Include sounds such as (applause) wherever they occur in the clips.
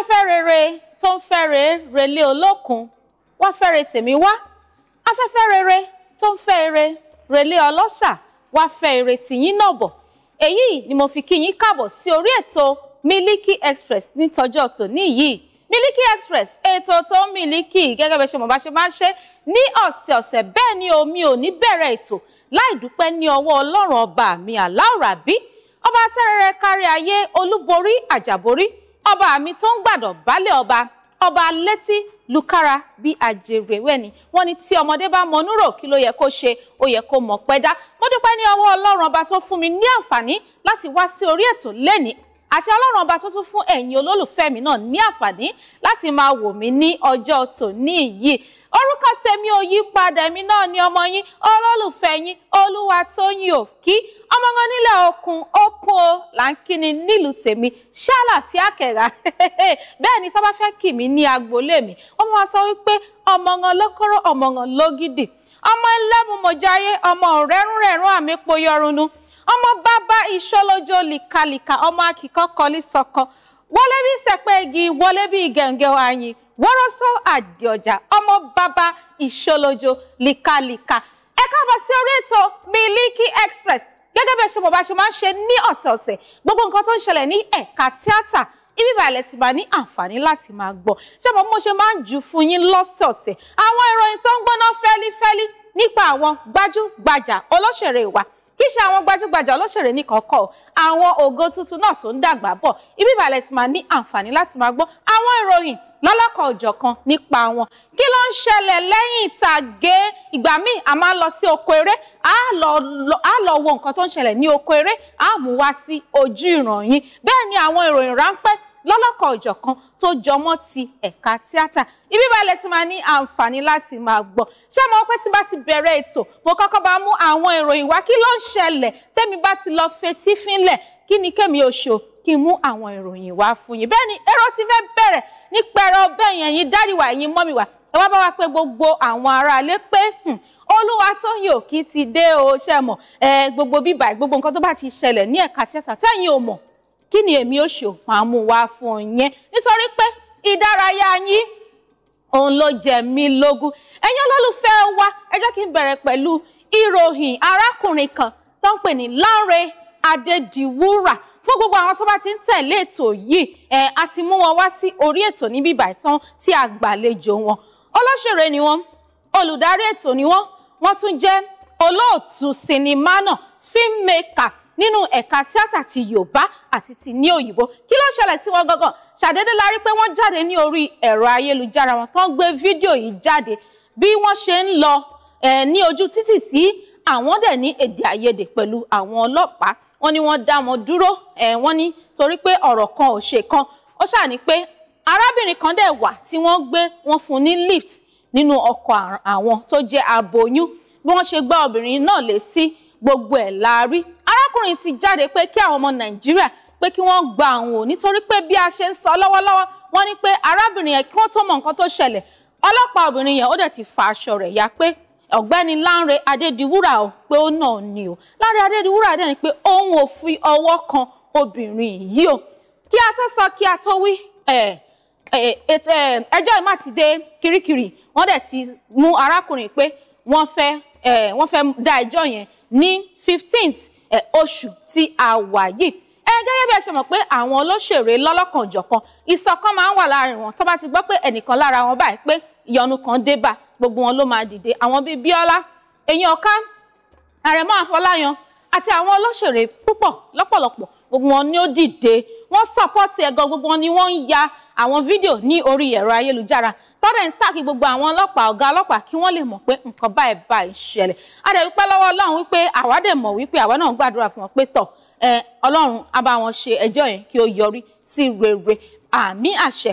afẹ́fẹ́ rere tó ń fẹ́ re relé olókun wá fẹ́re tèmi wá afẹ́fẹ́ rere tó ń fẹ́ relé ọlọ́ṣà wá fẹ́ tìyín náà bọ̀ èyí ni mo fi kí yín káàbọ̀ sí orí ètò Miliki Express ní tọjọ́ tòní yìí Miliki Express ètò tó ń miliki gẹ́gẹ́ bẹ ṣe mọ̀ bá ṣe máa ń ṣe ní ọ̀sẹ̀ ọ̀sẹ̀ bẹ́ẹ̀ ni omi ò ní bẹ̀rẹ̀ ètò láì dúpẹ́ ní ọwọ́ Ọlọ́run ọba mi Alao Rabi ọba tẹ́rẹrẹ kárí ayé olúborí àjàborí ọba mi tó ń gbàdọ̀ bálẹ̀ ọba ọba létí lukara bí àjèrè wẹ́ni wọ́n ní tí ọmọdé bá mọ núrò kí ló yẹ kó ṣe ó yẹ kó mọ̀ pẹ́dá mo dúpẹ́ ní ọwọ́ ọlọ́run ọba tó fún mi ní àǹfààní láti wá sí orí ètò lẹ́ni àti ọlọ́run ọba tó tún fún ẹ̀yin olólùfẹ́ mi náà ní àǹfààní láti máa wò mí ní ọjọ́ tòní yìí orúkọ tèmi ò yí padà èmi náà ni ọmọ yín olólùfẹ́ yín Olúwatóyìn Òkí ọmọ wọn nílẹ̀ okun okun o là ń kí ni nílùú tèmi ṣàlàfíà kẹ̀ra (laughs) bẹ́ẹ̀ ni tọ́ba fẹ́ kì mí ní agboolé mi wọ́n máa sọ wípé ọmọ wọn lọ́kọ́rọ́ ọmọ wọn lógìdì ọmọ ẹlẹ́mu mọ̀jáyé ọmọ ọ̀rẹ́rùnrẹ̀rùn àmì poyọrunu ọmọ bàbá ìṣọlójó lìkàlìkà ọmọ akíkọ kọlí sọkọ wọlé bí sẹpẹ igi wọlé bí gẹǹgẹ ayin wọrọsọ àdìọjà ọmọ bàbá ìṣọlójó lìkàlìkà ẹ káàbọ̀ sí orí ètò Miliki Express gẹ́gẹ́ bẹ́ẹ̀ ṣe mo bá ṣe máa ń ṣe ní ọ̀sẹ̀ọ̀sẹ̀ gbogbo nǹkan tó ń ṣẹlẹ̀ ní ẹ̀ka tíátà ibi ìbàlẹ̀ ti bá ní àǹfààní láti máa gbọ́ ṣé mo mo ṣe máa ń jù fún yín lọ́sọ̀ọ̀sẹ̀ àwọn ìròyìn tó ń gbóná fẹ́lífẹ́lí nípa àwọn gbajúgbajà olóṣèré wa kì í ṣe àwọn gbajúgbajà olóṣèré nìkan kọ́ àwọn ògo tuntun náà tó ń dàgbà bọ̀ ibi ìbàlẹ̀ ti máa ní àǹfààní láti máa gbọ́ àwọn ìròyìn lọ́lọ́kan òjọ̀kan nípa wọn kí ló ń ṣẹlẹ̀ lẹ́yìn ìtàgé ìgbà míì a máa lọ sí oko eré a lọ wo nǹkan tó ń ṣẹlẹ̀ ní oko eré a mú wá sí ojú ìròyìn bẹ́ẹ̀ ni àwọn ìròyìn ráńpẹ́ lọ́lọ́kan òjọ̀kan tó jọmọ́ ti ẹ̀ka tíátà ibi balẹ̀ ti máa ní àǹfààní láti máa gbọ́ ṣé mo pẹ́ tí bá ti bẹ̀rẹ̀ ètò mo kọ́kọ́ bá mú àwọn ìròyìn wá kí ló ń ṣẹlẹ̀ tẹ́mi bá ti lọ fetí fínlẹ̀ kí ni kẹ́mi oṣù kí n mú àwọn ìròyìn wá fún yín bẹ́ẹ̀ ni èrò ti fẹ́ bẹ̀rẹ̀ ní pẹ̀rẹ̀ ọbẹ̀ yẹn yín dáàdì wa ẹ̀yin mọ́mì wa ẹ wá bá wa pé gbogbo àwọn aráalé pé hmm, Olúwatóyìn Òkìtidé o ṣe mọ̀ ẹ gbogbo bíbà gbogbo nǹkan tó bá ti ṣẹlẹ̀ ní ẹ̀ka tíátà tẹ́yìn ò mọ̀ kí ni èmi ò máa mú wá fún yẹn nítorí pé ìdárayá yín òun ló jẹ mí lógún ẹ̀yin olólùfẹ́ wa ẹ jẹ́ kí n bẹ̀rẹ̀ pẹ̀lú ìròyìn arákùnrin kan tó ń pè ní Lánre Adédìwúrà fún gbogbo àwọn tó bá ti ń tẹ̀lé ètò yìí ẹ̀ a ti mú wọn wá sí orí ètò níbi ìbàtàn tí a gbàlejò wọn olóṣèré ni wọn olùdarí ètò ni wọn wọn tún jẹ́ olóòtú sinimá náà fíìmù mẹ́kà nínú ẹ̀ka tíátà ti yorùbá àti ti ní òyìnbó kí ló ṣẹlẹ̀ sí wọn gangan ṣàdédé la rí pé wọ́n jáde ní orí ẹ̀rọ ayélujára wọn tó ń gbé fídíò yìí jáde bí wọ́n ṣe ń lọ ní ojú títì tí àwọn dẹ̀ ní èdè àìyedè pẹ̀lú àwọn ọlọ́pàá wọ́n ní wọ́n dá wọn dúró wọ́n ní torí pé ọ̀rọ̀ kan ò ṣe kan ó ṣáà ní pé arábìnrin kan dẹ̀ wà tí wọ́n gbé wọn fún ní lift nínú ọkọ̀ àwọn tó jẹ́ aboyún bí wọ́n ṣe gbá obìnrin náà létí gbogbo ẹ̀ la rí arákùnrin ti jáde pé kí àwọn ọmọ nàìjíríà pé kí wọ́n gba àwọn ò nítorí pé bí a ṣe ń sọ lọ́wọ́lọ́wọ́ wọ́n ní pé arábìnrin yẹn kí wọ́n tó mọ nǹkan tó ṣẹlẹ̀ ọlọ́pàá obìnrin yẹn ó dẹ̀ ti fa aṣọ rẹ̀ ya pé ọ̀gbẹ́ni Lánre Adédiwúrà ò pé ó náà ni o Lánre Adédiwúrà dẹ̀ ni pé òun ò fi ọwọ́ kan obìnrin yìí o kí a tó sọ kí a tó wí ẹjọ́ ìmọ̀ ti dé kirikiri wọ́n dẹ̀ ti mú arákùnrin pé wọ́n fẹ́ wọ́n fẹ́ dá ẹjọ́ yẹn ní fifteenth oṣù tí a wà yìí ẹ gẹ́gẹ́ bí ẹ ṣe mọ̀ pé àwọn olóṣèré lọ́lọ́kanjọ̀kan ìṣọ̀kan máa ń wà láàrin wọn tó bá ti gbọ́ pé ẹnìkan lára wọn báyìí pé ìyọnu kan dé bá gbogbo wọn ló máa dìde àwọn bíi Bíọ́lá Ẹ̀yìn Ọ̀ká Àrẹ̀mọ Àfọláyan àti àwọn olóṣèré púpọ̀ lọ́pọ̀lọpọ̀ gbogbo wọn ni ó dìde wọ́n sọ́pọ́ọ̀tì ẹ̀gàn gbogbo wọn ni wọ́n ń ya àwọn fídíò ní orí ẹ̀rọ ayélujára tọ́dẹ̀ ń tàkì gbogbo àwọn ọlọ́pàá ọ̀gá ọlọ́pàá kí wọ́n lè mọ̀ pé nǹkan báyìí báyìí ṣẹlẹ̀ adẹ̀ wípé lọ́wọ́ ọlọ́run wípé àwa dẹ̀ mọ̀ wípé àwa náà gbàdúrà fún wọn pé tọ̀ ọlọ́run á bá wọn ṣe ẹjọ́ yẹn kí ó yọrí sí rere àmì àṣẹ.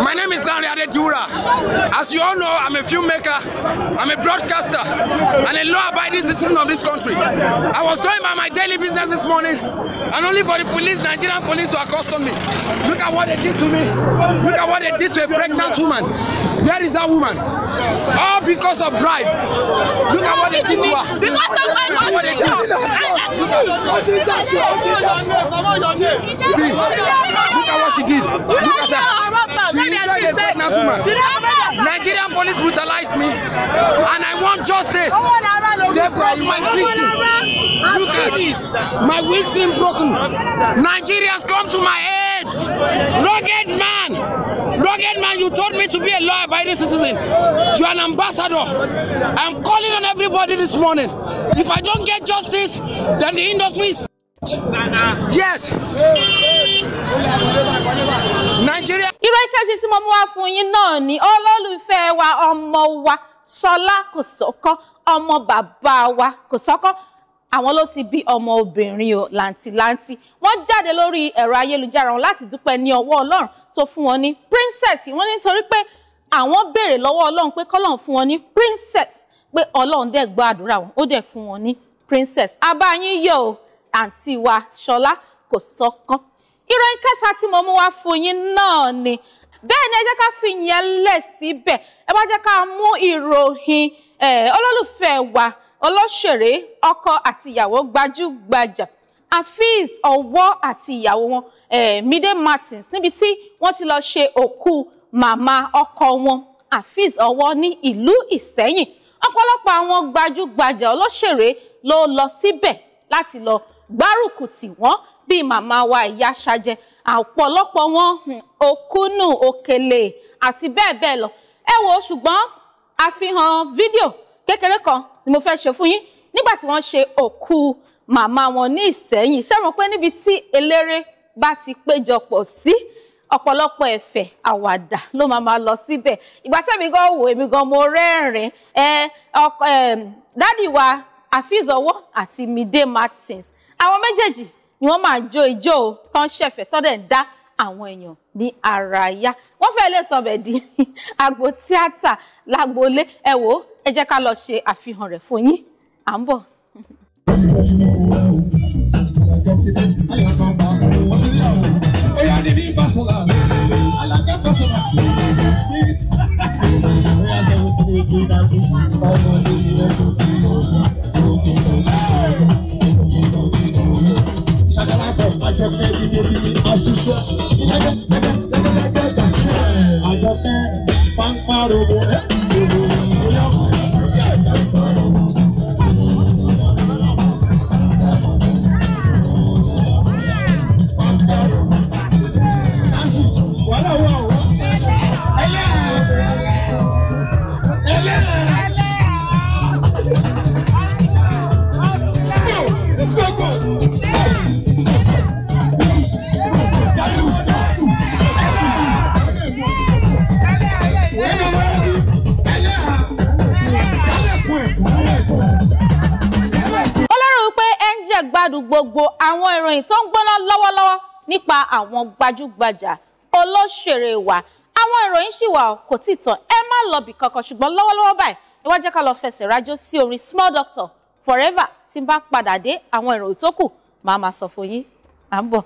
My name is Lanre Adediwura. As you all know, I'm a filmmaker, I'm a broadcaster, and a law-abiding citizen of this country. I was going by my daily business this morning, and only for the police, Nigerian police, to accostom me. Look at what they did to me. Look at what they did to a pregnant woman. Where is that woman? All because of bribe. Look at what they did to her. Because of my constitution. See, she did. You Look at her. She is a pregnant woman. Nigerian police brutalized me, and I want justice. Therefore, my Christian. Look at this. My windscreen broken. Nigerians come to my aid. Rugged man. Rugged man, you told me to be a law-abiding citizen. You are an ambassador. I'm calling on everybody this morning. If I don't get justice, then the industry is. Yes nàìjíríà. ìròyìn kejì tí mo mú wá fún yín náà ni olólùfẹ́ wa ọmọ wa Ṣọlá Kòsọ́kọ́ ọmọ bàbá wa Kòsọ́kọ́ àwọn ló ti bí ọmọ obìnrin o làǹtìlanti wọ́n jáde lórí ẹ̀rọ ayélujára wọn láti dúpẹ́ ní ọwọ́ Ọlọ́run tó fún wọn ní princess wọ́n nítorí pé àwọn béèrè lọ́wọ́ Ọlọ́run pé kọ́lọ́run fún wọn ní princess pé Ọlọ́run dẹ̀ gbọ́ àdúrà wọn ó dẹ̀ fún wọn ní princess abáyín yóò àǹtí wa Ṣọlá Kòsọ́kọ́ ìròyìn kẹta tí mo mú wá fún yín náà ni bẹ́ẹ̀ ni ẹ jẹ́ ká fi yẹn lẹ̀ síbẹ̀ ẹ bá jẹ́ ká mú ìròyìn olólùfẹ́ wa olóṣèré ọkọ àtìyàwó gbajúgbajà Afeez Ọwọ́ àti ìyàwó wọn Mide Martins níbi tí wọ́n ti lọ ṣe òkú màmá ọkọ wọn Afeez Ọwọ́ ní ìlú Ìsẹ́yìn ọ̀pọ̀lọpọ̀ àwọn gbajúgbajà olóṣèré ló lọ síbẹ̀ láti lọ gbárùkù tì wọ́n bíi màmá wa ìyá ṣajẹ ọ̀pọ̀lọpọ̀ wọn hmm, òkúnnù òkèlè àti bẹ́ẹ̀ bẹ́ẹ̀ lọ ẹ wo ṣùgbọ́n àfihàn fídíò kékeré kan ni mo fẹ́ ṣe fún yín nígbà tí wọ́n ṣe òkú màmá wọn ní Ìsẹ́yìn ṣé mo pé níbi tí eléré bá ti péjọpọ̀ sí ọ̀pọ̀lọpọ̀ ẹ̀fẹ̀ àwàdà ló máa máa lọ síbẹ̀ ìgbà tẹ́mi gan wò èmi gan mo rẹ́rìn-ín ẹ ọkọ ẹ dádì wa Afeez Ọwọ́ àti Mide Martins àwọn méjèèjì ni wọ́n máa jó ijó o tó ń ṣẹ̀fẹ̀ tó dẹ̀ ń dá àwọn èèyàn ní ara yá wọ́n fẹ́ lè sọ̀bẹ̀ di agbo (laughs) tíátà lágboolé ẹ wò ó ẹ jẹ́ ká lọ ṣe àfihàn rẹ̀ fún yín à ń bọ̀. Oya (laughs) ni ¡Gracias! àwọn ìròyìn tó ń gbóná lọ́wọ́lọ́wọ́ nípa àwọn gbajúgbajà olóṣèré wa àwọn ìròyìn sì wà kò tí ì tán ẹ má lọ bì kankan ṣùgbọ́n lọ́wọ́lọ́wọ́ báyìí ẹ ká lọ fẹsẹ̀ rájò sí orin small doctor forever tí n bá padà dé àwọn ìròyìn tó kù màá máa sọ fún yín à ń bọ̀.